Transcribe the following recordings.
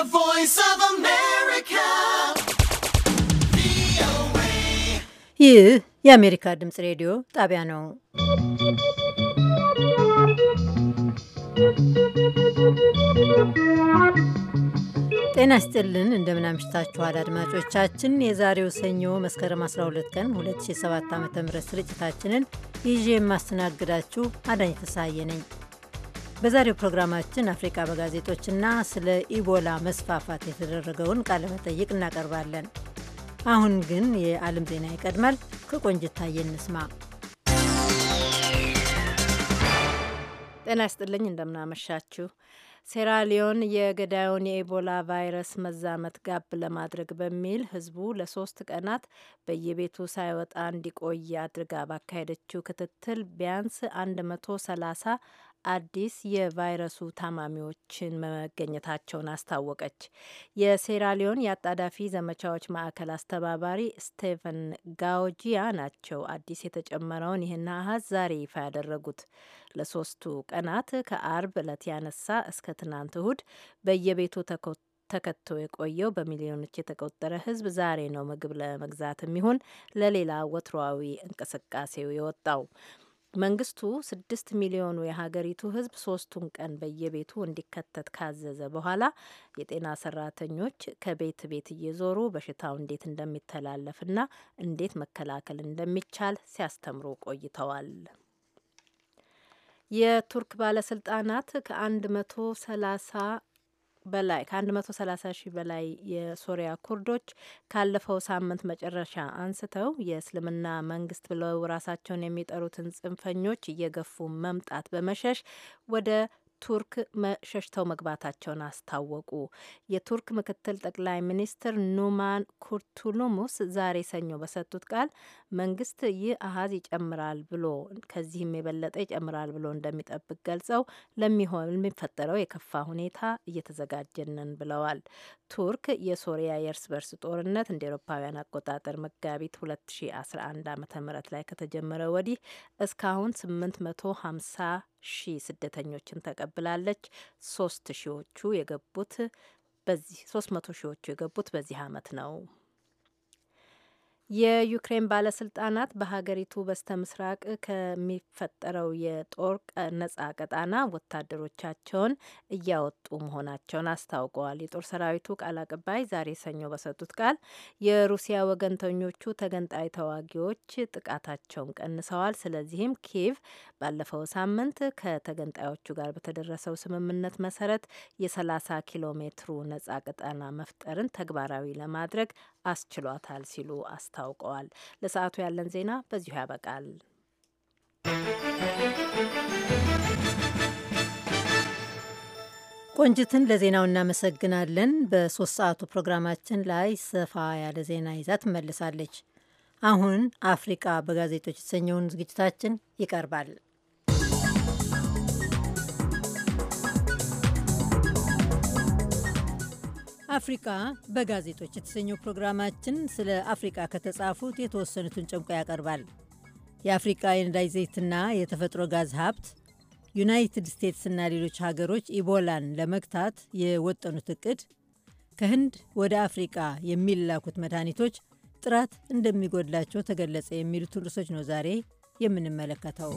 The voice of America. ይህ የአሜሪካ ድምፅ ሬዲዮ ጣቢያ ነው። ጤና ይስጥልን፣ እንደምናምሽታችኋል አድማጮቻችን። የዛሬው ሰኞ መስከረም 12 ቀን 2007 ዓ ም ስርጭታችንን ይዤ የማስተናግዳችሁ አዳኝ ተሳየ ነኝ። በዛሬው ፕሮግራማችን አፍሪካ በጋዜጦችና ስለ ኢቦላ መስፋፋት የተደረገውን ቃለ መጠይቅ እናቀርባለን። አሁን ግን የዓለም ዜና ይቀድማል። ከቆንጅት እንስማ። ጤና ይስጥልኝ፣ እንደምናመሻችሁ ሴራሊዮን የገዳዩን የኢቦላ ቫይረስ መዛመት ጋብ ለማድረግ በሚል ህዝቡ ለሶስት ቀናት በየቤቱ ሳይወጣ እንዲቆይ አድርጋ ባካሄደችው ክትትል ቢያንስ 130 አዲስ የቫይረሱ ታማሚዎችን መገኘታቸውን አስታወቀች። የሴራሊዮን የአጣዳፊ ዘመቻዎች ማዕከል አስተባባሪ ስቴፈን ጋውጂያ ናቸው አዲስ የተጨመረውን ይህን አሀዝ ዛሬ ይፋ ያደረጉት። ለሶስቱ ቀናት ከአርብ ዕለት ያነሳ እስከ ትናንት እሁድ በየቤቱ ተኮት ተከቶ የቆየው በሚሊዮኖች የተቆጠረ ሕዝብ ዛሬ ነው ምግብ ለመግዛት የሚሆን ለሌላ ወትሮዊ እንቅስቃሴው የወጣው። መንግስቱ ስድስት ሚሊዮኑ የሀገሪቱ ህዝብ ሶስቱን ቀን በየቤቱ እንዲከተት ካዘዘ በኋላ የጤና ሰራተኞች ከቤት ቤት እየዞሩ በሽታው እንዴት እንደሚተላለፍና እንዴት መከላከል እንደሚቻል ሲያስተምሩ ቆይተዋል። የቱርክ ባለስልጣናት ከአንድ መቶ ሰላሳ በላይ ከ130 ሺህ በላይ የሶሪያ ኩርዶች ካለፈው ሳምንት መጨረሻ አንስተው የእስልምና መንግስት ብለው ራሳቸውን የሚጠሩትን ጽንፈኞች እየገፉ መምጣት በመሸሽ ወደ ቱርክ መሸሽተው መግባታቸውን አስታወቁ። የቱርክ ምክትል ጠቅላይ ሚኒስትር ኑማን ኩርቱሉሙስ ዛሬ ሰኞ በሰጡት ቃል መንግስት ይህ አሀዝ ይጨምራል ብሎ ከዚህም የበለጠ ይጨምራል ብሎ እንደሚጠብቅ ገልጸው ለሚሆን የሚፈጠረው የከፋ ሁኔታ እየተዘጋጀንን ብለዋል። ቱርክ የሶሪያ የእርስ በርስ ጦርነት እንደ ኤሮፓውያን አቆጣጠር መጋቢት 2011 ዓ ም ላይ ከተጀመረ ወዲህ እስካሁን 850 ሺህ ስደተኞችን ተቀብላለች። ሶስት ሺዎቹ የገቡት በዚህ መቶ ሺዎቹ የገቡት በዚህ አመት ነው። የዩክሬን ባለስልጣናት በሀገሪቱ በስተ ምስራቅ ከሚፈጠረው የጦር ነጻ ቀጣና ወታደሮቻቸውን እያወጡ መሆናቸውን አስታውቀዋል። የጦር ሰራዊቱ ቃል አቀባይ ዛሬ ሰኞ በሰጡት ቃል የሩሲያ ወገንተኞቹ ተገንጣይ ተዋጊዎች ጥቃታቸውን ቀንሰዋል፣ ስለዚህም ኪየቭ ባለፈው ሳምንት ከተገንጣዮቹ ጋር በተደረሰው ስምምነት መሰረት የ30 ኪሎ ሜትሩ ነጻ ቀጣና መፍጠርን ተግባራዊ ለማድረግ አስችሏታል ሲሉ አስታውቀዋል። ለሰዓቱ ያለን ዜና በዚሁ ያበቃል። ቆንጅትን ለዜናው እናመሰግናለን። በሶስት ሰዓቱ ፕሮግራማችን ላይ ሰፋ ያለ ዜና ይዛ ትመልሳለች። አሁን አፍሪቃ በጋዜጦች የተሰኘውን ዝግጅታችን ይቀርባል። አፍሪካ በጋዜጦች የተሰኘው ፕሮግራማችን ስለ አፍሪቃ ከተጻፉት የተወሰኑትን ጨምቆ ያቀርባል። የአፍሪቃ የነዳጅ ዘይትና የተፈጥሮ ጋዝ ሀብት፣ ዩናይትድ ስቴትስና ሌሎች ሀገሮች ኢቦላን ለመግታት የወጠኑት እቅድ፣ ከህንድ ወደ አፍሪቃ የሚላኩት መድኃኒቶች ጥራት እንደሚጎድላቸው ተገለጸ የሚሉትን ርዕሶች ነው ዛሬ የምንመለከተው።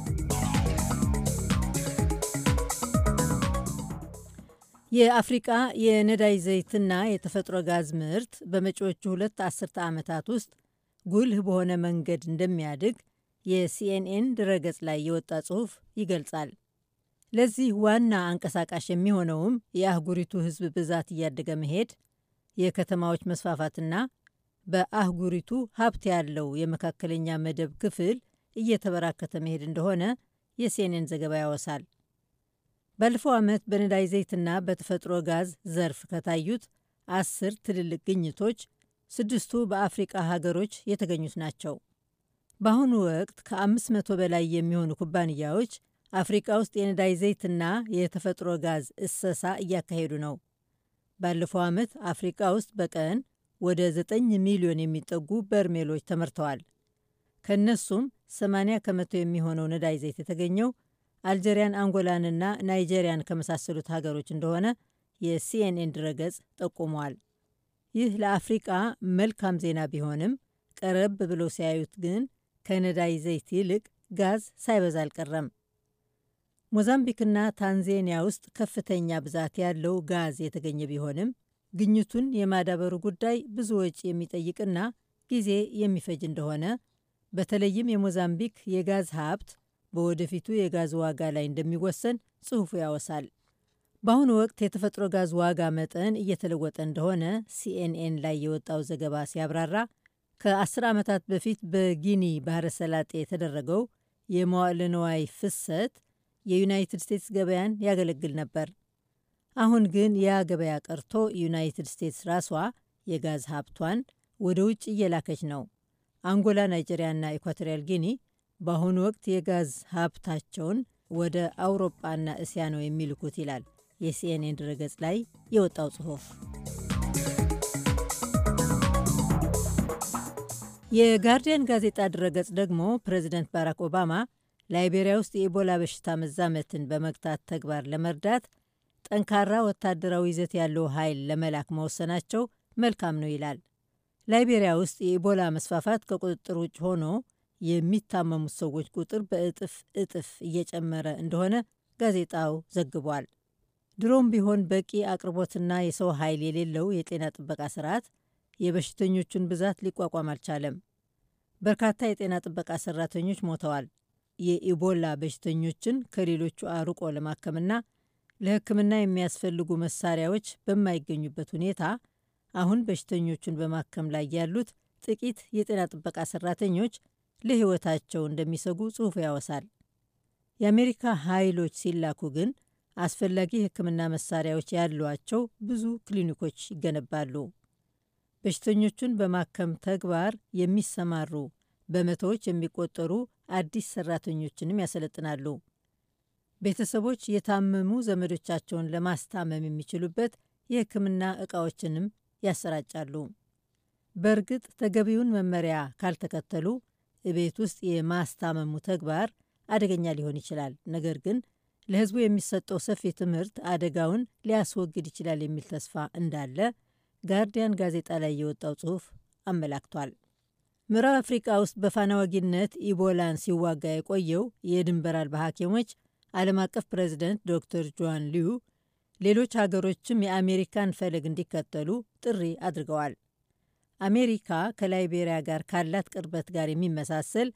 የአፍሪቃ የነዳጅ ዘይትና የተፈጥሮ ጋዝ ምርት በመጪዎቹ ሁለት አስርተ ዓመታት ውስጥ ጉልህ በሆነ መንገድ እንደሚያድግ የሲኤንኤን ድረገጽ ላይ የወጣ ጽሑፍ ይገልጻል። ለዚህ ዋና አንቀሳቃሽ የሚሆነውም የአህጉሪቱ ሕዝብ ብዛት እያደገ መሄድ፣ የከተማዎች መስፋፋትና በአህጉሪቱ ሀብት ያለው የመካከለኛ መደብ ክፍል እየተበራከተ መሄድ እንደሆነ የሲኤንኤን ዘገባ ያወሳል። ባለፈው ዓመት በነዳጅ ዘይትና በተፈጥሮ ጋዝ ዘርፍ ከታዩት አስር ትልልቅ ግኝቶች ስድስቱ በአፍሪቃ ሀገሮች የተገኙት ናቸው። በአሁኑ ወቅት ከ500 በላይ የሚሆኑ ኩባንያዎች አፍሪቃ ውስጥ የነዳጅ ዘይትና የተፈጥሮ ጋዝ እሰሳ እያካሄዱ ነው። ባለፈው ዓመት አፍሪቃ ውስጥ በቀን ወደ 9 ሚሊዮን የሚጠጉ በርሜሎች ተመርተዋል። ከእነሱም 80 ከመቶ የሚሆነው ነዳጅ ዘይት የተገኘው አልጄሪያን፣ አንጎላንና ናይጄሪያን ከመሳሰሉት ሀገሮች እንደሆነ የሲኤንኤን ድረገጽ ጠቁሟል። ይህ ለአፍሪቃ መልካም ዜና ቢሆንም ቀረብ ብለው ሲያዩት ግን ከነዳይ ዘይት ይልቅ ጋዝ ሳይበዛ አልቀረም። ሞዛምቢክና ታንዜኒያ ውስጥ ከፍተኛ ብዛት ያለው ጋዝ የተገኘ ቢሆንም ግኝቱን የማዳበሩ ጉዳይ ብዙ ወጪ የሚጠይቅና ጊዜ የሚፈጅ እንደሆነ በተለይም የሞዛምቢክ የጋዝ ሀብት በወደፊቱ የጋዝ ዋጋ ላይ እንደሚወሰን ጽሑፉ ያወሳል። በአሁኑ ወቅት የተፈጥሮ ጋዝ ዋጋ መጠን እየተለወጠ እንደሆነ ሲኤንኤን ላይ የወጣው ዘገባ ሲያብራራ ከ10 ዓመታት በፊት በጊኒ ባህረ ሰላጤ የተደረገው የመዋዕለ ንዋይ ፍሰት የዩናይትድ ስቴትስ ገበያን ያገለግል ነበር። አሁን ግን ያ ገበያ ቀርቶ ዩናይትድ ስቴትስ ራሷ የጋዝ ሀብቷን ወደ ውጭ እየላከች ነው። አንጎላ፣ ናይጄሪያና ኢኳቶሪያል ጊኒ በአሁኑ ወቅት የጋዝ ሀብታቸውን ወደ አውሮጳና እስያ ነው የሚልኩት ይላል የሲኤንኤን ድረገጽ ላይ የወጣው ጽሑፍ። የጋርዲያን ጋዜጣ ድረገጽ ደግሞ ፕሬዚደንት ባራክ ኦባማ ላይቤሪያ ውስጥ የኢቦላ በሽታ መዛመትን በመግታት ተግባር ለመርዳት ጠንካራ ወታደራዊ ይዘት ያለው ኃይል ለመላክ መወሰናቸው መልካም ነው ይላል። ላይቤሪያ ውስጥ የኢቦላ መስፋፋት ከቁጥጥር ውጭ ሆኖ የሚታመሙት ሰዎች ቁጥር በእጥፍ እጥፍ እየጨመረ እንደሆነ ጋዜጣው ዘግቧል። ድሮም ቢሆን በቂ አቅርቦትና የሰው ኃይል የሌለው የጤና ጥበቃ ስርዓት የበሽተኞቹን ብዛት ሊቋቋም አልቻለም። በርካታ የጤና ጥበቃ ሰራተኞች ሞተዋል። የኢቦላ በሽተኞችን ከሌሎቹ አርቆ ለማከምና ለሕክምና የሚያስፈልጉ መሳሪያዎች በማይገኙበት ሁኔታ አሁን በሽተኞቹን በማከም ላይ ያሉት ጥቂት የጤና ጥበቃ ሰራተኞች ለሕይወታቸው እንደሚሰጉ ጽሑፉ ያወሳል። የአሜሪካ ኃይሎች ሲላኩ ግን አስፈላጊ የሕክምና መሳሪያዎች ያሏቸው ብዙ ክሊኒኮች ይገነባሉ። በሽተኞቹን በማከም ተግባር የሚሰማሩ በመቶዎች የሚቆጠሩ አዲስ ሰራተኞችንም ያሰለጥናሉ። ቤተሰቦች የታመሙ ዘመዶቻቸውን ለማስታመም የሚችሉበት የሕክምና ዕቃዎችንም ያሰራጫሉ። በእርግጥ ተገቢውን መመሪያ ካልተከተሉ እቤት ውስጥ የማስታመሙ ተግባር አደገኛ ሊሆን ይችላል፣ ነገር ግን ለህዝቡ የሚሰጠው ሰፊ ትምህርት አደጋውን ሊያስወግድ ይችላል የሚል ተስፋ እንዳለ ጋርዲያን ጋዜጣ ላይ የወጣው ጽሑፍ አመላክቷል። ምዕራብ አፍሪቃ ውስጥ በፋና ወጊነት ኢቦላን ሲዋጋ የቆየው የድንበር አልባ ሐኪሞች ዓለም አቀፍ ፕሬዚደንት ዶክተር ጆን ሊዩ ሌሎች ሀገሮችም የአሜሪካን ፈለግ እንዲከተሉ ጥሪ አድርገዋል። አሜሪካ ከላይቤሪያ ጋር ካላት ቅርበት ጋር የሚመሳሰል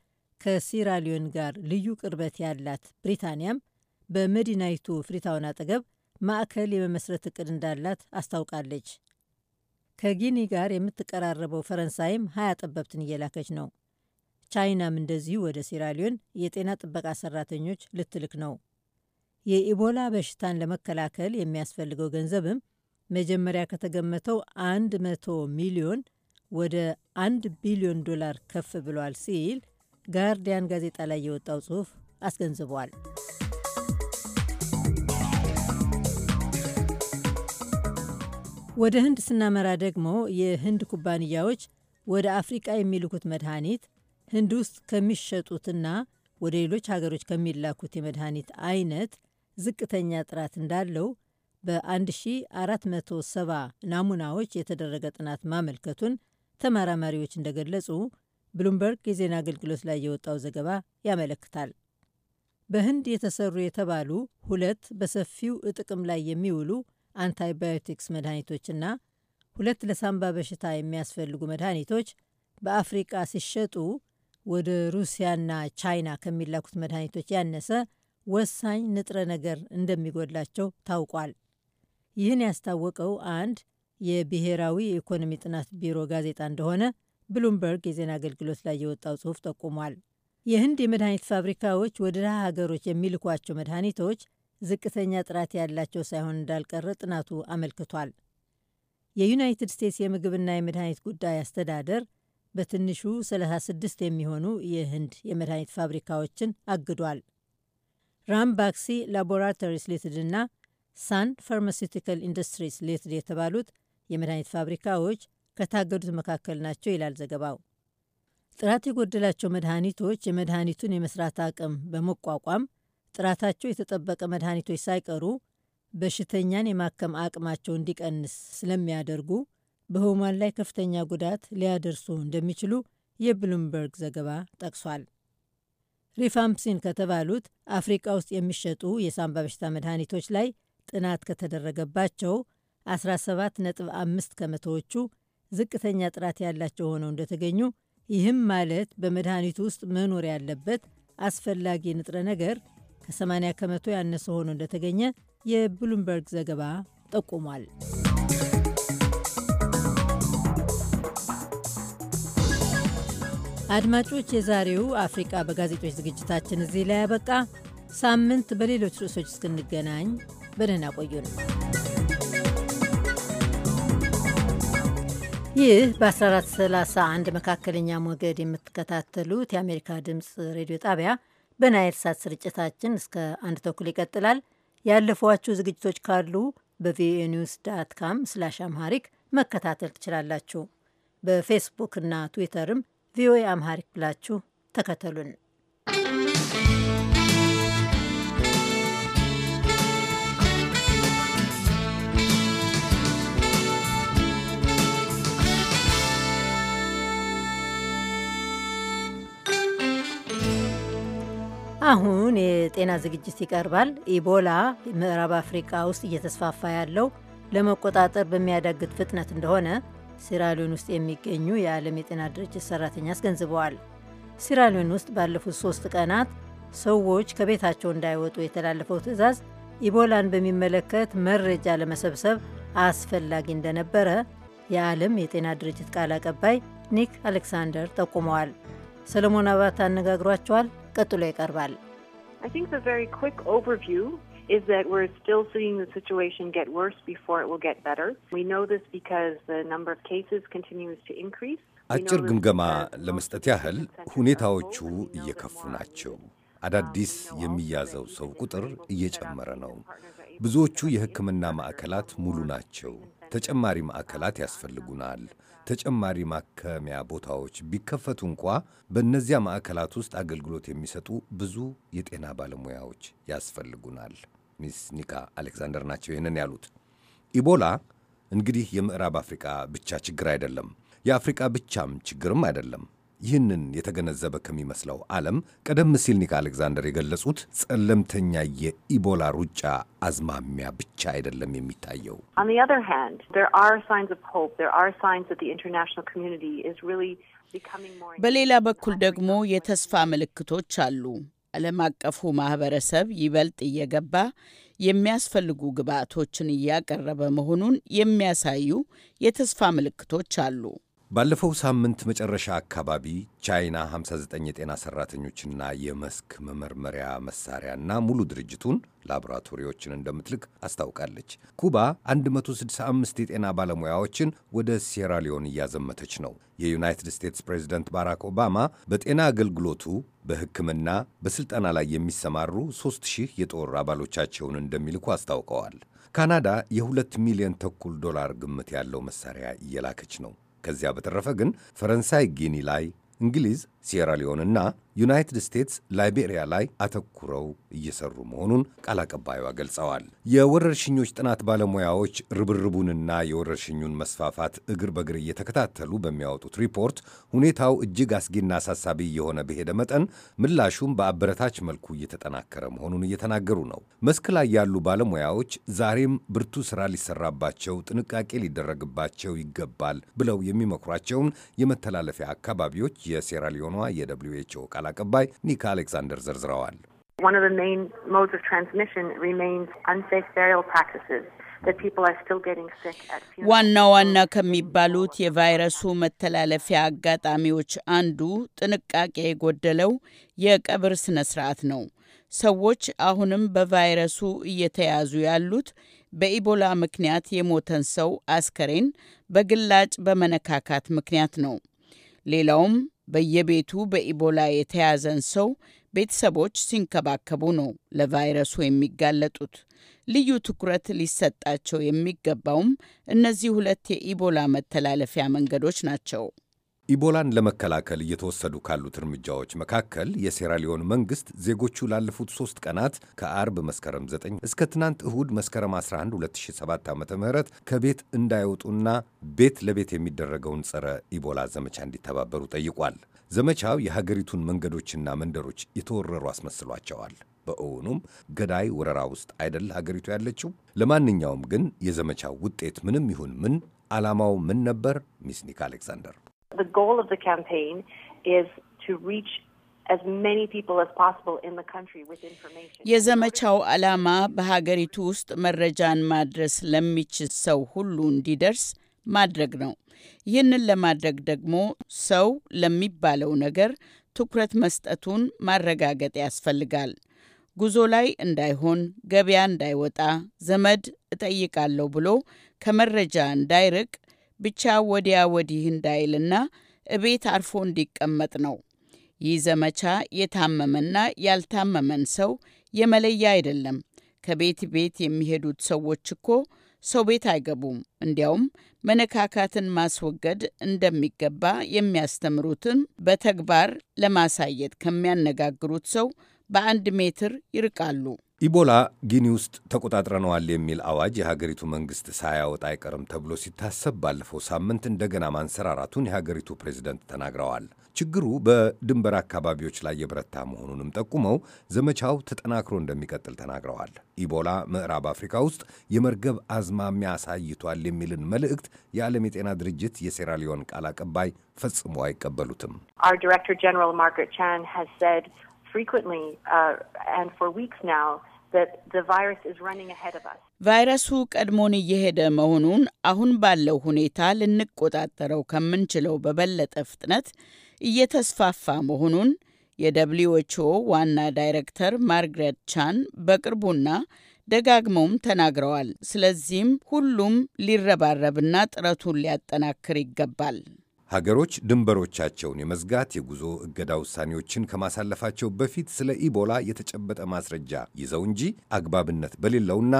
ከሲራሊዮን ጋር ልዩ ቅርበት ያላት ብሪታንያም በመዲናይቱ ፍሪታውን አጠገብ ማዕከል የመመስረት እቅድ እንዳላት አስታውቃለች። ከጊኒ ጋር የምትቀራረበው ፈረንሳይም ሀያ ጠበብትን እየላከች ነው። ቻይናም እንደዚሁ ወደ ሲራሊዮን የጤና ጥበቃ ሰራተኞች ልትልክ ነው። የኢቦላ በሽታን ለመከላከል የሚያስፈልገው ገንዘብም መጀመሪያ ከተገመተው መቶ ሚሊዮን ወደ አንድ ቢሊዮን ዶላር ከፍ ብሏል ሲል ጋርዲያን ጋዜጣ ላይ የወጣው ጽሑፍ አስገንዝቧል። ወደ ህንድ ስናመራ ደግሞ የህንድ ኩባንያዎች ወደ አፍሪቃ የሚልኩት መድኃኒት ህንድ ውስጥ ከሚሸጡትና ወደ ሌሎች ሀገሮች ከሚላኩት የመድኃኒት አይነት ዝቅተኛ ጥራት እንዳለው በ1470 ናሙናዎች የተደረገ ጥናት ማመልከቱን ተመራማሪዎች እንደገለጹ ብሉምበርግ የዜና አገልግሎት ላይ የወጣው ዘገባ ያመለክታል። በህንድ የተሰሩ የተባሉ ሁለት በሰፊው ጥቅም ላይ የሚውሉ አንታይባዮቲክስ መድኃኒቶችና ሁለት ለሳምባ በሽታ የሚያስፈልጉ መድኃኒቶች በአፍሪቃ ሲሸጡ ወደ ሩሲያና ቻይና ከሚላኩት መድኃኒቶች ያነሰ ወሳኝ ንጥረ ነገር እንደሚጎድላቸው ታውቋል። ይህን ያስታወቀው አንድ የብሔራዊ የኢኮኖሚ ጥናት ቢሮ ጋዜጣ እንደሆነ ብሉምበርግ የዜና አገልግሎት ላይ የወጣው ጽሑፍ ጠቁሟል። የህንድ የመድኃኒት ፋብሪካዎች ወደ ድሃ ሀገሮች የሚልኳቸው መድኃኒቶች ዝቅተኛ ጥራት ያላቸው ሳይሆን እንዳልቀረ ጥናቱ አመልክቷል። የዩናይትድ ስቴትስ የምግብና የመድኃኒት ጉዳይ አስተዳደር በትንሹ 36 የሚሆኑ የህንድ የመድኃኒት ፋብሪካዎችን አግዷል። ራምባክሲ ላቦራቶሪስ ሌትድ እና ሳን ፋርማሲቲካል ኢንዱስትሪስ ሌትድ የተባሉት የመድኃኒት ፋብሪካዎች ከታገዱት መካከል ናቸው ይላል ዘገባው። ጥራት የጎደላቸው መድኃኒቶች የመድኃኒቱን የመስራት አቅም በመቋቋም ጥራታቸው የተጠበቀ መድኃኒቶች ሳይቀሩ በሽተኛን የማከም አቅማቸው እንዲቀንስ ስለሚያደርጉ በህሙማን ላይ ከፍተኛ ጉዳት ሊያደርሱ እንደሚችሉ የብሉምበርግ ዘገባ ጠቅሷል። ሪፋምፕሲን ከተባሉት አፍሪቃ ውስጥ የሚሸጡ የሳምባ በሽታ መድኃኒቶች ላይ ጥናት ከተደረገባቸው 17.5 ከመቶዎቹ ዝቅተኛ ጥራት ያላቸው ሆነው እንደተገኙ፣ ይህም ማለት በመድኃኒቱ ውስጥ መኖር ያለበት አስፈላጊ ንጥረ ነገር ከ80 ከመቶ ያነሰ ሆኖ እንደተገኘ የብሉምበርግ ዘገባ ጠቁሟል። አድማጮች፣ የዛሬው አፍሪቃ በጋዜጦች ዝግጅታችን እዚህ ላይ ያበቃ። ሳምንት በሌሎች ርዕሶች እስክንገናኝ በደህና ቆዩ ነው። ይህ በ1431 መካከለኛ ሞገድ የምትከታተሉት የአሜሪካ ድምፅ ሬዲዮ ጣቢያ በናይል ሳት ስርጭታችን እስከ አንድ ተኩል ይቀጥላል። ያለፏችሁ ዝግጅቶች ካሉ በቪኦኤ ኒውስ ዳት ካም ስላሽ አምሃሪክ መከታተል ትችላላችሁ። በፌስቡክ እና ትዊተርም ቪኦኤ አምሃሪክ ብላችሁ ተከተሉን። አሁን የጤና ዝግጅት ይቀርባል። ኢቦላ ምዕራብ አፍሪካ ውስጥ እየተስፋፋ ያለው ለመቆጣጠር በሚያዳግት ፍጥነት እንደሆነ ሲራሊዮን ውስጥ የሚገኙ የዓለም የጤና ድርጅት ሰራተኛ አስገንዝበዋል። ሲራሊዮን ውስጥ ባለፉት ሶስት ቀናት ሰዎች ከቤታቸው እንዳይወጡ የተላለፈው ትዕዛዝ ኢቦላን በሚመለከት መረጃ ለመሰብሰብ አስፈላጊ እንደነበረ የዓለም የጤና ድርጅት ቃል አቀባይ ኒክ አሌክሳንደር ጠቁመዋል። ሰለሞን አባት አነጋግሯቸዋል። ቀጥሎ ይቀርባል። አጭር ግምገማ ለመስጠት ያህል ሁኔታዎቹ እየከፉ ናቸው። አዳዲስ um, የሚያዘው ሰው ቁጥር እየጨመረ ነው። ብዙዎቹ የሕክምና ማዕከላት ሙሉ ናቸው። ተጨማሪ ማዕከላት ያስፈልጉናል። ተጨማሪ ማከሚያ ቦታዎች ቢከፈቱ እንኳ በእነዚያ ማዕከላት ውስጥ አገልግሎት የሚሰጡ ብዙ የጤና ባለሙያዎች ያስፈልጉናል። ሚስ ኒካ አሌክዛንደር ናቸው ይህንን ያሉት። ኢቦላ እንግዲህ የምዕራብ አፍሪቃ ብቻ ችግር አይደለም፣ የአፍሪቃ ብቻም ችግርም አይደለም። ይህንን የተገነዘበ ከሚመስለው ዓለም ቀደም ሲል ኒክ አሌክዛንደር የገለጹት ጸለምተኛ የኢቦላ ሩጫ አዝማሚያ ብቻ አይደለም የሚታየው። በሌላ በኩል ደግሞ የተስፋ ምልክቶች አሉ። ዓለም አቀፉ ማህበረሰብ ይበልጥ እየገባ የሚያስፈልጉ ግብዓቶችን እያቀረበ መሆኑን የሚያሳዩ የተስፋ ምልክቶች አሉ። ባለፈው ሳምንት መጨረሻ አካባቢ ቻይና 59 የጤና ሰራተኞችና የመስክ መመርመሪያ መሳሪያና ሙሉ ድርጅቱን ላቦራቶሪዎችን እንደምትልክ አስታውቃለች። ኩባ 165 የጤና ባለሙያዎችን ወደ ሴራሊዮን እያዘመተች ነው። የዩናይትድ ስቴትስ ፕሬዚደንት ባራክ ኦባማ በጤና አገልግሎቱ በሕክምና በሥልጠና ላይ የሚሰማሩ 3000 የጦር አባሎቻቸውን እንደሚልኩ አስታውቀዋል። ካናዳ የሁለት ሚሊዮን ተኩል ዶላር ግምት ያለው መሳሪያ እየላከች ነው። ከዚያ በተረፈ ግን ፈረንሳይ ጊኒ ላይ፣ እንግሊዝ ሴራሊዮንና ዩናይትድ ስቴትስ ላይቤሪያ ላይ አተኩረው እየሰሩ መሆኑን ቃል አቀባዩዋ ገልጸዋል። የወረርሽኞች ጥናት ባለሙያዎች ርብርቡንና የወረርሽኙን መስፋፋት እግር በእግር እየተከታተሉ በሚያወጡት ሪፖርት ሁኔታው እጅግ አስጊና አሳሳቢ የሆነ በሄደ መጠን ምላሹም በአበረታች መልኩ እየተጠናከረ መሆኑን እየተናገሩ ነው። መስክ ላይ ያሉ ባለሙያዎች ዛሬም ብርቱ ስራ ሊሰራባቸው፣ ጥንቃቄ ሊደረግባቸው ይገባል ብለው የሚመክሯቸውን የመተላለፊያ አካባቢዎች የሴራሊዮኑ የደብሊዩ ኤች ኦ ቃል አቀባይ ኒካ አሌክዛንደር ዘርዝረዋል። One of the main modes of transmission remains unsafe burial practices. ዋና ዋና ከሚባሉት የቫይረሱ መተላለፊያ አጋጣሚዎች አንዱ ጥንቃቄ የጎደለው የቀብር ስነ ስርዓት ነው። ሰዎች አሁንም በቫይረሱ እየተያዙ ያሉት በኢቦላ ምክንያት የሞተን ሰው አስከሬን በግላጭ በመነካካት ምክንያት ነው። ሌላውም በየቤቱ በኢቦላ የተያዘን ሰው ቤተሰቦች ሲንከባከቡ ነው ለቫይረሱ የሚጋለጡት። ልዩ ትኩረት ሊሰጣቸው የሚገባውም እነዚህ ሁለት የኢቦላ መተላለፊያ መንገዶች ናቸው። ኢቦላን ለመከላከል እየተወሰዱ ካሉት እርምጃዎች መካከል የሴራሊዮን መንግስት ዜጎቹ ላለፉት ሶስት ቀናት ከአርብ መስከረም 9 እስከ ትናንት እሁድ መስከረም 11 2007 ዓ ም ከቤት እንዳይወጡና ቤት ለቤት የሚደረገውን ጸረ ኢቦላ ዘመቻ እንዲተባበሩ ጠይቋል። ዘመቻው የሀገሪቱን መንገዶችና መንደሮች የተወረሩ አስመስሏቸዋል። በእውኑም ገዳይ ወረራ ውስጥ አይደል ሀገሪቱ ያለችው? ለማንኛውም ግን የዘመቻው ውጤት ምንም ይሁን ምን ዓላማው ምን ነበር? ሚስኒክ አሌክሳንደር The goal of the campaign is to reach የዘመቻው ዓላማ በሀገሪቱ ውስጥ መረጃን ማድረስ ለሚችል ሰው ሁሉ እንዲደርስ ማድረግ ነው። ይህንን ለማድረግ ደግሞ ሰው ለሚባለው ነገር ትኩረት መስጠቱን ማረጋገጥ ያስፈልጋል። ጉዞ ላይ እንዳይሆን፣ ገበያ እንዳይወጣ፣ ዘመድ እጠይቃለሁ ብሎ ከመረጃ እንዳይርቅ ብቻ ወዲያ ወዲህ እንዳይልና እቤት አርፎ እንዲቀመጥ ነው። ይህ ዘመቻ የታመመና ያልታመመን ሰው የመለያ አይደለም። ከቤት ቤት የሚሄዱት ሰዎች እኮ ሰው ቤት አይገቡም። እንዲያውም መነካካትን ማስወገድ እንደሚገባ የሚያስተምሩትን በተግባር ለማሳየት ከሚያነጋግሩት ሰው በአንድ ሜትር ይርቃሉ። ኢቦላ ጊኒ ውስጥ ተቆጣጥረነዋል የሚል አዋጅ የሀገሪቱ መንግስት ሳያወጣ አይቀርም ተብሎ ሲታሰብ ባለፈው ሳምንት እንደገና ማንሰራራቱን የሀገሪቱ ፕሬዝደንት ተናግረዋል። ችግሩ በድንበር አካባቢዎች ላይ የበረታ መሆኑንም ጠቁመው ዘመቻው ተጠናክሮ እንደሚቀጥል ተናግረዋል። ኢቦላ ምዕራብ አፍሪካ ውስጥ የመርገብ አዝማሚያ አሳይቷል የሚልን መልእክት የዓለም የጤና ድርጅት የሴራሊዮን ቃል አቀባይ ፈጽሞ አይቀበሉትም። frequently uh, and for weeks now that the virus is running ahead of us. ቫይረሱ ቀድሞን እየሄደ መሆኑን አሁን ባለው ሁኔታ ልንቆጣጠረው ከምንችለው በበለጠ ፍጥነት እየተስፋፋ መሆኑን የደብሊው ኤች ኦ ዋና ዳይሬክተር ማርግሬት ቻን በቅርቡና ደጋግመውም ተናግረዋል። ስለዚህም ሁሉም ሊረባረብና ጥረቱን ሊያጠናክር ይገባል። ሀገሮች ድንበሮቻቸውን የመዝጋት የጉዞ እገዳ ውሳኔዎችን ከማሳለፋቸው በፊት ስለ ኢቦላ የተጨበጠ ማስረጃ ይዘው እንጂ አግባብነት በሌለውና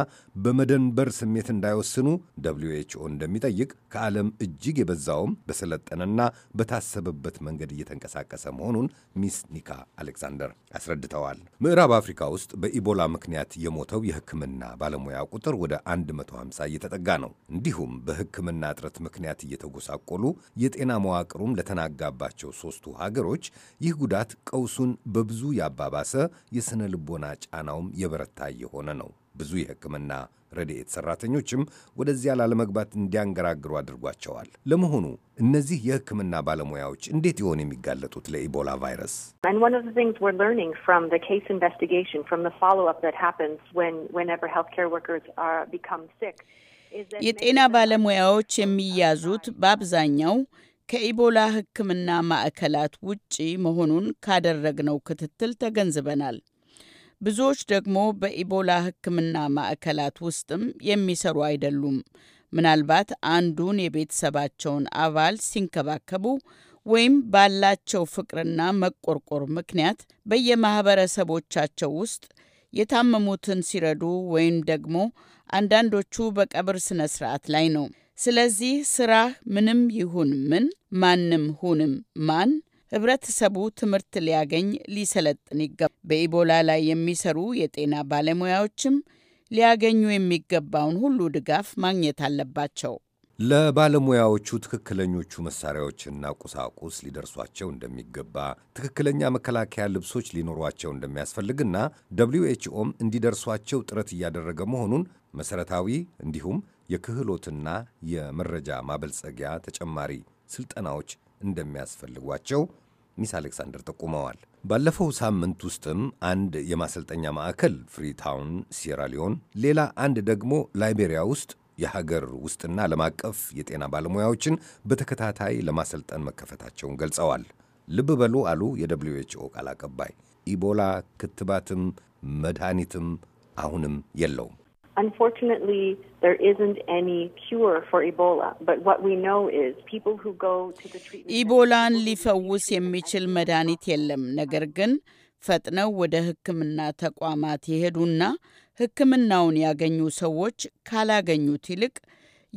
በመደንበር ስሜት እንዳይወስኑ ደብሊው ኤች ኦ እንደሚጠይቅ ከዓለም እጅግ የበዛውም በሰለጠነና በታሰበበት መንገድ እየተንቀሳቀሰ መሆኑን ሚስ ኒካ አሌክሳንደር አስረድተዋል። ምዕራብ አፍሪካ ውስጥ በኢቦላ ምክንያት የሞተው የሕክምና ባለሙያ ቁጥር ወደ 150 እየተጠጋ ነው። እንዲሁም በሕክምና እጥረት ምክንያት እየተጎሳቆሉ የጤና መዋቅሩም ለተናጋባቸው ሦስቱ ሀገሮች ይህ ጉዳት ቀውሱን በብዙ ያባባሰ፣ የሥነ ልቦና ጫናውም የበረታ እየሆነ ነው። ብዙ የሕክምና ረድኤት ሠራተኞችም ወደዚያ ላለመግባት እንዲያንገራግሩ አድርጓቸዋል። ለመሆኑ እነዚህ የሕክምና ባለሙያዎች እንዴት ይሆን የሚጋለጡት ለኢቦላ ቫይረስ? የጤና ባለሙያዎች የሚያዙት በአብዛኛው ከኢቦላ ሕክምና ማዕከላት ውጪ መሆኑን ካደረግነው ክትትል ተገንዝበናል። ብዙዎች ደግሞ በኢቦላ ሕክምና ማዕከላት ውስጥም የሚሰሩ አይደሉም። ምናልባት አንዱን የቤተሰባቸውን አባል ሲንከባከቡ ወይም ባላቸው ፍቅርና መቆርቆር ምክንያት በየማህበረሰቦቻቸው ውስጥ የታመሙትን ሲረዱ ወይም ደግሞ አንዳንዶቹ በቀብር ስነ ስርዓት ላይ ነው። ስለዚህ ስራ ምንም ይሁን ምን፣ ማንም ሁንም ማን ህብረተሰቡ ትምህርት ሊያገኝ ሊሰለጥን ይገባል። በኢቦላ ላይ የሚሰሩ የጤና ባለሙያዎችም ሊያገኙ የሚገባውን ሁሉ ድጋፍ ማግኘት አለባቸው። ለባለሙያዎቹ ትክክለኞቹ መሳሪያዎችና ቁሳቁስ ሊደርሷቸው እንደሚገባ፣ ትክክለኛ መከላከያ ልብሶች ሊኖሯቸው እንደሚያስፈልግና ደብሊው ኤች ኦም እንዲደርሷቸው ጥረት እያደረገ መሆኑን መሰረታዊ እንዲሁም የክህሎትና የመረጃ ማበልጸጊያ ተጨማሪ ስልጠናዎች እንደሚያስፈልጓቸው ሚስ አሌክሳንደር ጠቁመዋል። ባለፈው ሳምንት ውስጥም አንድ የማሰልጠኛ ማዕከል ፍሪታውን ሊዮን፣ ሌላ አንድ ደግሞ ላይቤሪያ ውስጥ የሀገር ውስጥና ዓለም አቀፍ የጤና ባለሙያዎችን በተከታታይ ለማሰልጠን መከፈታቸውን ገልጸዋል። ልብ በሉ አሉ የደብልዩ ኤች ኦ ቃል አቀባይ፣ ኢቦላ ክትባትም መድኃኒትም አሁንም የለውም። ኢቦላን ሊፈውስ የሚችል መድኃኒት የለም። ነገር ግን ፈጥነው ወደ ሕክምና ተቋማት የሄዱና ሕክምናውን ያገኙ ሰዎች ካላገኙት ይልቅ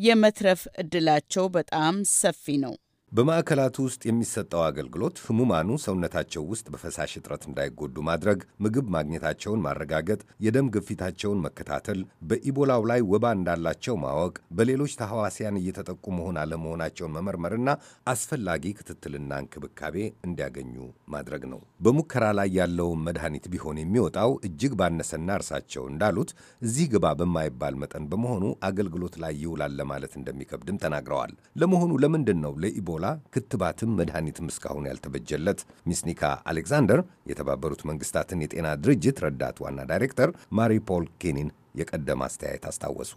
የመትረፍ እድላቸው በጣም ሰፊ ነው። በማዕከላቱ ውስጥ የሚሰጠው አገልግሎት ህሙማኑ ሰውነታቸው ውስጥ በፈሳሽ እጥረት እንዳይጎዱ ማድረግ፣ ምግብ ማግኘታቸውን ማረጋገጥ፣ የደም ግፊታቸውን መከታተል፣ በኢቦላው ላይ ወባ እንዳላቸው ማወቅ፣ በሌሎች ተሐዋሲያን እየተጠቁ መሆን አለመሆናቸውን መመርመርና አስፈላጊ ክትትልና እንክብካቤ እንዲያገኙ ማድረግ ነው። በሙከራ ላይ ያለውን መድኃኒት ቢሆን የሚወጣው እጅግ ባነሰና እርሳቸው እንዳሉት እዚህ ግባ በማይባል መጠን በመሆኑ አገልግሎት ላይ ይውላል ለማለት እንደሚከብድም ተናግረዋል። ለመሆኑ ለምንድን ነው ለኢቦ ሳይሞላ ክትባትም መድኃኒትም እስካሁን ያልተበጀለት ሚስኒካ አሌክዛንደር የተባበሩት መንግስታትን የጤና ድርጅት ረዳት ዋና ዳይሬክተር ማሪ ፖል ኬኒን የቀደመ አስተያየት አስታወሱ።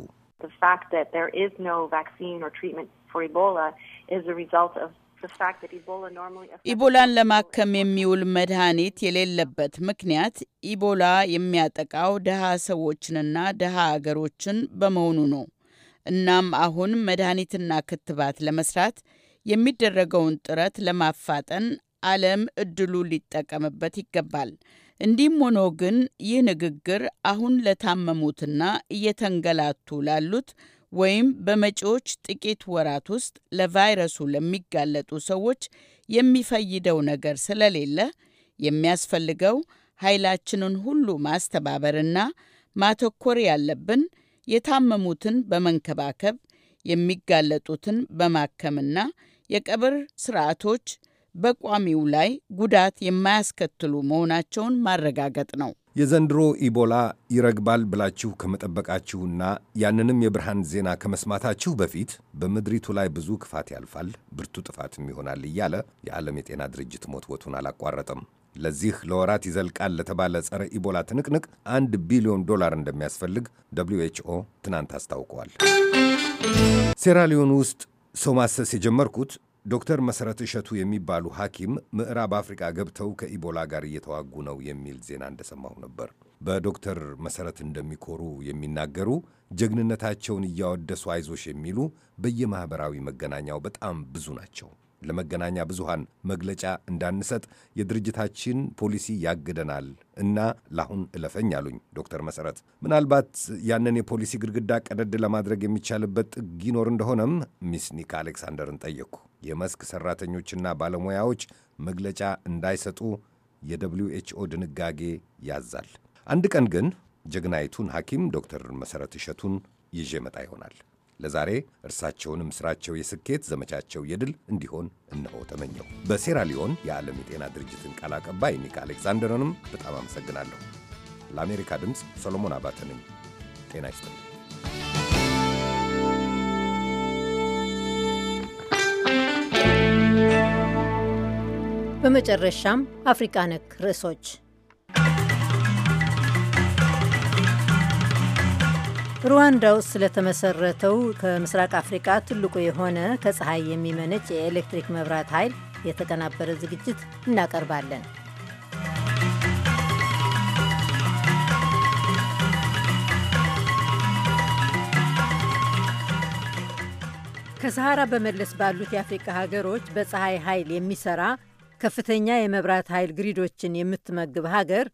ኢቦላን ለማከም የሚውል መድኃኒት የሌለበት ምክንያት ኢቦላ የሚያጠቃው ድሃ ሰዎችንና ድሃ አገሮችን በመሆኑ ነው። እናም አሁን መድኃኒትና ክትባት ለመስራት የሚደረገውን ጥረት ለማፋጠን ዓለም እድሉ ሊጠቀምበት ይገባል። እንዲህም ሆኖ ግን ይህ ንግግር አሁን ለታመሙትና እየተንገላቱ ላሉት ወይም በመጪዎች ጥቂት ወራት ውስጥ ለቫይረሱ ለሚጋለጡ ሰዎች የሚፈይደው ነገር ስለሌለ የሚያስፈልገው ኃይላችንን ሁሉ ማስተባበርና ማተኮር ያለብን የታመሙትን በመንከባከብ የሚጋለጡትን በማከምና የቀብር ስርዓቶች በቋሚው ላይ ጉዳት የማያስከትሉ መሆናቸውን ማረጋገጥ ነው። የዘንድሮ ኢቦላ ይረግባል ብላችሁ ከመጠበቃችሁና ያንንም የብርሃን ዜና ከመስማታችሁ በፊት በምድሪቱ ላይ ብዙ ክፋት ያልፋል፣ ብርቱ ጥፋትም ይሆናል እያለ የዓለም የጤና ድርጅት ሞትወቱን አላቋረጠም። ለዚህ ለወራት ይዘልቃል ለተባለ ጸረ ኢቦላ ትንቅንቅ አንድ ቢሊዮን ዶላር እንደሚያስፈልግ ደብሊዩ ኤች ኦ ትናንት አስታውቀዋል። ሴራሊዮን ውስጥ ሰው ማሰስ የጀመርኩት ዶክተር መሰረት እሸቱ የሚባሉ ሐኪም ምዕራብ አፍሪቃ ገብተው ከኢቦላ ጋር እየተዋጉ ነው የሚል ዜና እንደሰማሁ ነበር። በዶክተር መሰረት እንደሚኮሩ የሚናገሩ ጀግንነታቸውን እያወደሱ አይዞሽ የሚሉ በየማኅበራዊ መገናኛው በጣም ብዙ ናቸው። ለመገናኛ ብዙሃን መግለጫ እንዳንሰጥ የድርጅታችን ፖሊሲ ያግደናል እና ለአሁን እለፈኝ አሉኝ ዶክተር መሰረት። ምናልባት ያንን የፖሊሲ ግድግዳ ቀደድ ለማድረግ የሚቻልበት ጥግ ይኖር እንደሆነም ሚስ ኒካ አሌክሳንደርን ጠየቅኩ። የመስክ ሰራተኞችና ባለሙያዎች መግለጫ እንዳይሰጡ የደብሊው ኤችኦ ድንጋጌ ያዛል። አንድ ቀን ግን ጀግናይቱን ሐኪም ዶክተር መሰረት እሸቱን ይዤ መጣ ይሆናል። ለዛሬ እርሳቸውንም ስራቸው የስኬት ዘመቻቸው የድል እንዲሆን እነሆ ተመኘው። በሴራሊዮን የዓለም የጤና ድርጅትን ቃል አቀባይ ኒክ አሌክዛንደርንም በጣም አመሰግናለሁ። ለአሜሪካ ድምፅ ሰሎሞን አባተ ነኝ። ጤና ይስጥልኝ። በመጨረሻም አፍሪካ ነክ ርዕሶች ሩዋንዳ ውስጥ ስለተመሰረተው ከምስራቅ አፍሪቃ ትልቁ የሆነ ከፀሐይ የሚመነጭ የኤሌክትሪክ መብራት ኃይል የተቀናበረ ዝግጅት እናቀርባለን። ከሰሃራ በመለስ ባሉት የአፍሪቃ ሀገሮች በፀሐይ ኃይል የሚሰራ ከፍተኛ የመብራት ኃይል ግሪዶችን የምትመግብ ሀገር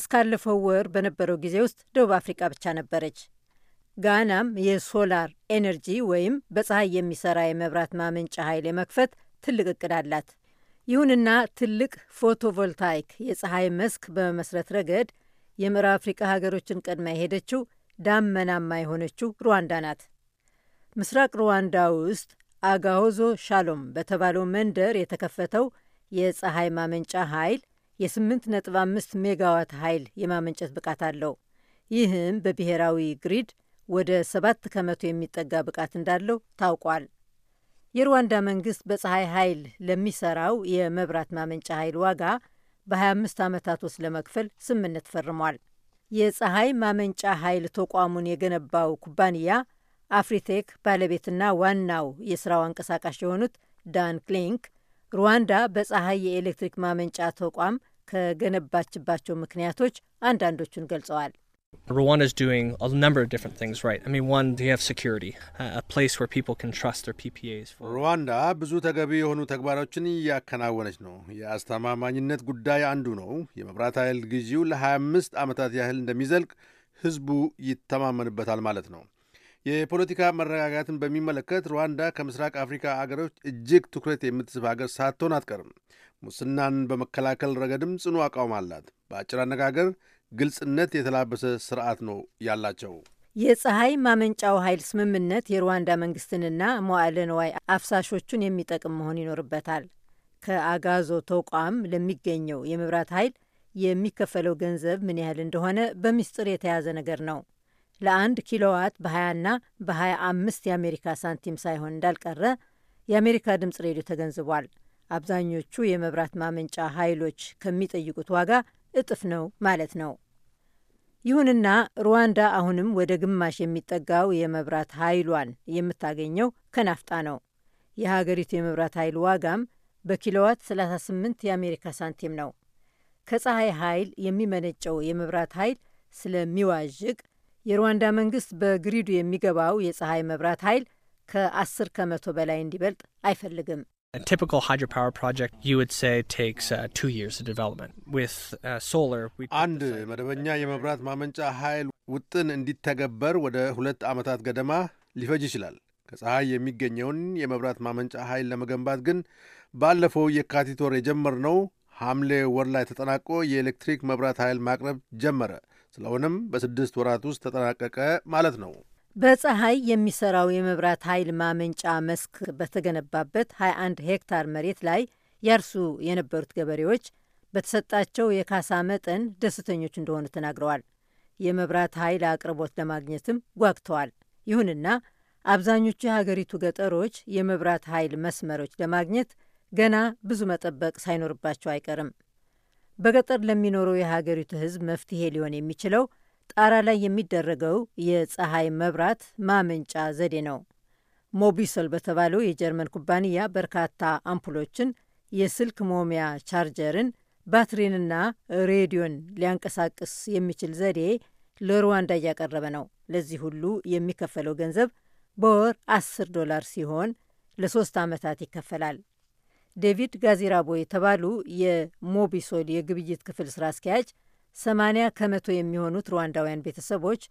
እስካለፈው ወር በነበረው ጊዜ ውስጥ ደቡብ አፍሪቃ ብቻ ነበረች። ጋናም የሶላር ኤነርጂ ወይም በፀሐይ የሚሰራ የመብራት ማመንጫ ኃይል የመክፈት ትልቅ እቅድ አላት። ይሁንና ትልቅ ፎቶቮልታይክ የፀሐይ መስክ በመመስረት ረገድ የምዕራብ አፍሪካ ሀገሮችን ቀድማ የሄደችው ዳመናማ የሆነችው ሩዋንዳ ናት። ምስራቅ ሩዋንዳ ውስጥ አጋሆዞ ሻሎም በተባለው መንደር የተከፈተው የፀሐይ ማመንጫ ኃይል የ8.5 ሜጋዋት ኃይል የማመንጨት ብቃት አለው። ይህም በብሔራዊ ግሪድ ወደ ሰባት ከመቶ የሚጠጋ ብቃት እንዳለው ታውቋል። የሩዋንዳ መንግስት በፀሐይ ኃይል ለሚሰራው የመብራት ማመንጫ ኃይል ዋጋ በ25 ዓመታት ውስጥ ለመክፈል ስምምነት ፈርሟል። የፀሐይ ማመንጫ ኃይል ተቋሙን የገነባው ኩባንያ አፍሪቴክ ባለቤትና ዋናው የስራው አንቀሳቃሽ የሆኑት ዳን ክሊንክ ሩዋንዳ በፀሐይ የኤሌክትሪክ ማመንጫ ተቋም ከገነባችባቸው ምክንያቶች አንዳንዶቹን ገልጸዋል። Rwanda's doing a number of different things right. I mean, one, they have security, a place where people can trust their PPAs. For... ሩዋንዳ ብዙ ተገቢ የሆኑ ተግባሮችን እያከናወነች ነው። የአስተማማኝነት ጉዳይ አንዱ ነው። የመብራት ኃይል ግዢው ለ25 ዓመታት ያህል እንደሚዘልቅ ህዝቡ ይተማመንበታል ማለት ነው። የፖለቲካ መረጋጋትን በሚመለከት ሩዋንዳ ከምስራቅ አፍሪካ አገሮች እጅግ ትኩረት የምትስብ ሀገር ሳትሆን አትቀርም። ሙስናን በመከላከል ረገድም ጽኑ አቋም አላት። በአጭር አነጋገር ግልጽነት የተላበሰ ስርዓት ነው ያላቸው። የፀሐይ ማመንጫው ኃይል ስምምነት የሩዋንዳ መንግስትንና መዋዕለ ንዋይ አፍሳሾቹን የሚጠቅም መሆን ይኖርበታል። ከአጋዞ ተቋም ለሚገኘው የመብራት ኃይል የሚከፈለው ገንዘብ ምን ያህል እንደሆነ በሚስጥር የተያዘ ነገር ነው። ለአንድ ኪሎዋት በ20ና በ25 የአሜሪካ ሳንቲም ሳይሆን እንዳልቀረ የአሜሪካ ድምፅ ሬዲዮ ተገንዝቧል። አብዛኞቹ የመብራት ማመንጫ ኃይሎች ከሚጠይቁት ዋጋ እጥፍ ነው ማለት ነው። ይሁንና ሩዋንዳ አሁንም ወደ ግማሽ የሚጠጋው የመብራት ኃይሏን የምታገኘው ከናፍጣ ነው። የሀገሪቱ የመብራት ኃይል ዋጋም በኪሎዋት 38 የአሜሪካ ሳንቲም ነው። ከፀሐይ ኃይል የሚመነጨው የመብራት ኃይል ስለሚዋዥቅ የሩዋንዳ መንግስት በግሪዱ የሚገባው የፀሐይ መብራት ኃይል ከ10 ከመቶ በላይ እንዲበልጥ አይፈልግም። A typical hydropower project you would say takes uh, two years of development. With uh, solar, we አንድ መደበኛ የመብራት ማመንጫ ኃይል ውጥን እንዲተገበር ወደ ሁለት ዓመታት ገደማ ሊፈጅ ይችላል። ከፀሐይ የሚገኘውን የመብራት ማመንጫ ኃይል ለመገንባት ግን ባለፈው የካቲት ወር የጀመርነው ሐምሌ ወር ላይ ተጠናቆ የኤሌክትሪክ መብራት ኃይል ማቅረብ ጀመረ። ስለሆነም በስድስት ወራት ውስጥ ተጠናቀቀ ማለት ነው። በፀሐይ የሚሰራው የመብራት ኃይል ማመንጫ መስክ በተገነባበት 21 ሄክታር መሬት ላይ ያርሱ የነበሩት ገበሬዎች በተሰጣቸው የካሳ መጠን ደስተኞች እንደሆኑ ተናግረዋል። የመብራት ኃይል አቅርቦት ለማግኘትም ጓግተዋል። ይሁንና አብዛኞቹ የሀገሪቱ ገጠሮች የመብራት ኃይል መስመሮች ለማግኘት ገና ብዙ መጠበቅ ሳይኖርባቸው አይቀርም። በገጠር ለሚኖረው የሀገሪቱ ሕዝብ መፍትሄ ሊሆን የሚችለው ጣራ ላይ የሚደረገው የፀሐይ መብራት ማመንጫ ዘዴ ነው። ሞቢሰል በተባለው የጀርመን ኩባንያ በርካታ አምፑሎችን፣ የስልክ ሞሚያ ቻርጀርን፣ ባትሪንና ሬዲዮን ሊያንቀሳቅስ የሚችል ዘዴ ለሩዋንዳ እያቀረበ ነው። ለዚህ ሁሉ የሚከፈለው ገንዘብ በወር 10 ዶላር ሲሆን ለሶስት ዓመታት ይከፈላል። ዴቪድ ጋዚራቦ የተባሉ የሞቢሶል የግብይት ክፍል ስራ አስኪያጅ 80 ከመቶ የሚሆኑት ሩዋንዳውያን ቤተሰቦች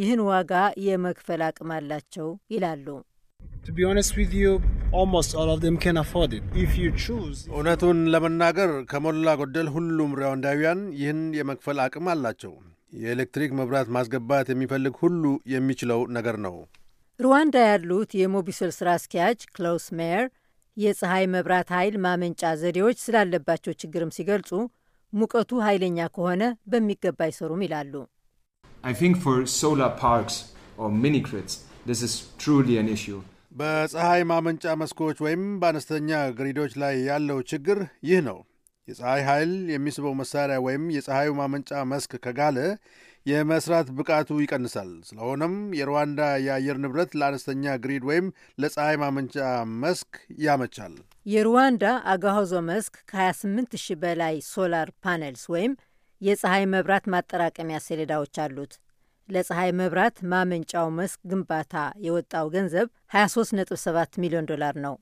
ይህን ዋጋ የመክፈል አቅም አላቸው ይላሉ። እውነቱን ለመናገር ከሞላ ጎደል ሁሉም ሩዋንዳውያን ይህን የመክፈል አቅም አላቸው። የኤሌክትሪክ መብራት ማስገባት የሚፈልግ ሁሉ የሚችለው ነገር ነው። ሩዋንዳ ያሉት የሞቢሶል ስራ አስኪያጅ ክላውስ ሜየር የፀሐይ መብራት ኃይል ማመንጫ ዘዴዎች ስላለባቸው ችግርም ሲገልጹ ሙቀቱ ኃይለኛ ከሆነ በሚገባ አይሰሩም ይላሉ። በፀሐይ ማመንጫ መስኮች ወይም በአነስተኛ ግሪዶች ላይ ያለው ችግር ይህ ነው። የፀሐይ ኃይል የሚስበው መሳሪያ ወይም የፀሐዩ ማመንጫ መስክ ከጋለ የመስራት ብቃቱ ይቀንሳል። ስለሆነም የሩዋንዳ የአየር ንብረት ለአነስተኛ ግሪድ ወይም ለፀሐይ ማመንጫ መስክ ያመቻል። የሩዋንዳ አጋሆዞ መስክ ከ28 ሺህ በላይ ሶላር ፓነልስ ወይም የፀሐይ መብራት ማጠራቀሚያ ሰሌዳዎች አሉት። ለፀሐይ መብራት ማመንጫው መስክ ግንባታ የወጣው ገንዘብ 23.7 ሚሊዮን ዶላር ነው።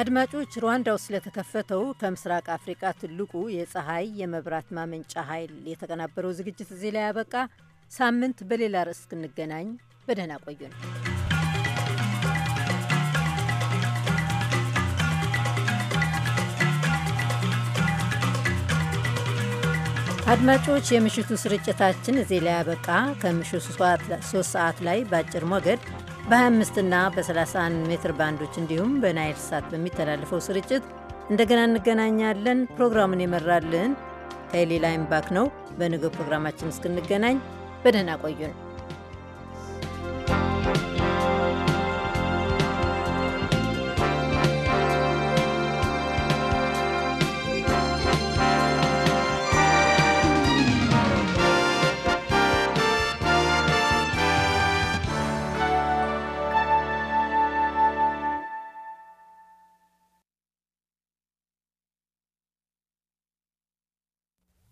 አድማጮች፣ ሩዋንዳ ውስጥ ስለተከፈተው ከምስራቅ አፍሪቃ ትልቁ የፀሐይ የመብራት ማመንጫ ኃይል የተቀናበረው ዝግጅት እዚህ ላይ ያበቃ። ሳምንት በሌላ ርዕስ እስክንገናኝ በደህና ቆዩን። አድማጮች የምሽቱ ስርጭታችን እዚህ ላይ ያበቃ። ከምሽቱ ሶስት ሰዓት ላይ በአጭር ሞገድ በ25 እና በ31 ሜትር ባንዶች እንዲሁም በናይል ሳት በሚተላለፈው ስርጭት እንደገና እንገናኛለን። ፕሮግራሙን የመራልን ከሌላ ይምባክ ነው። በንግብ ፕሮግራማችን እስክንገናኝ በደህና ቆዩን።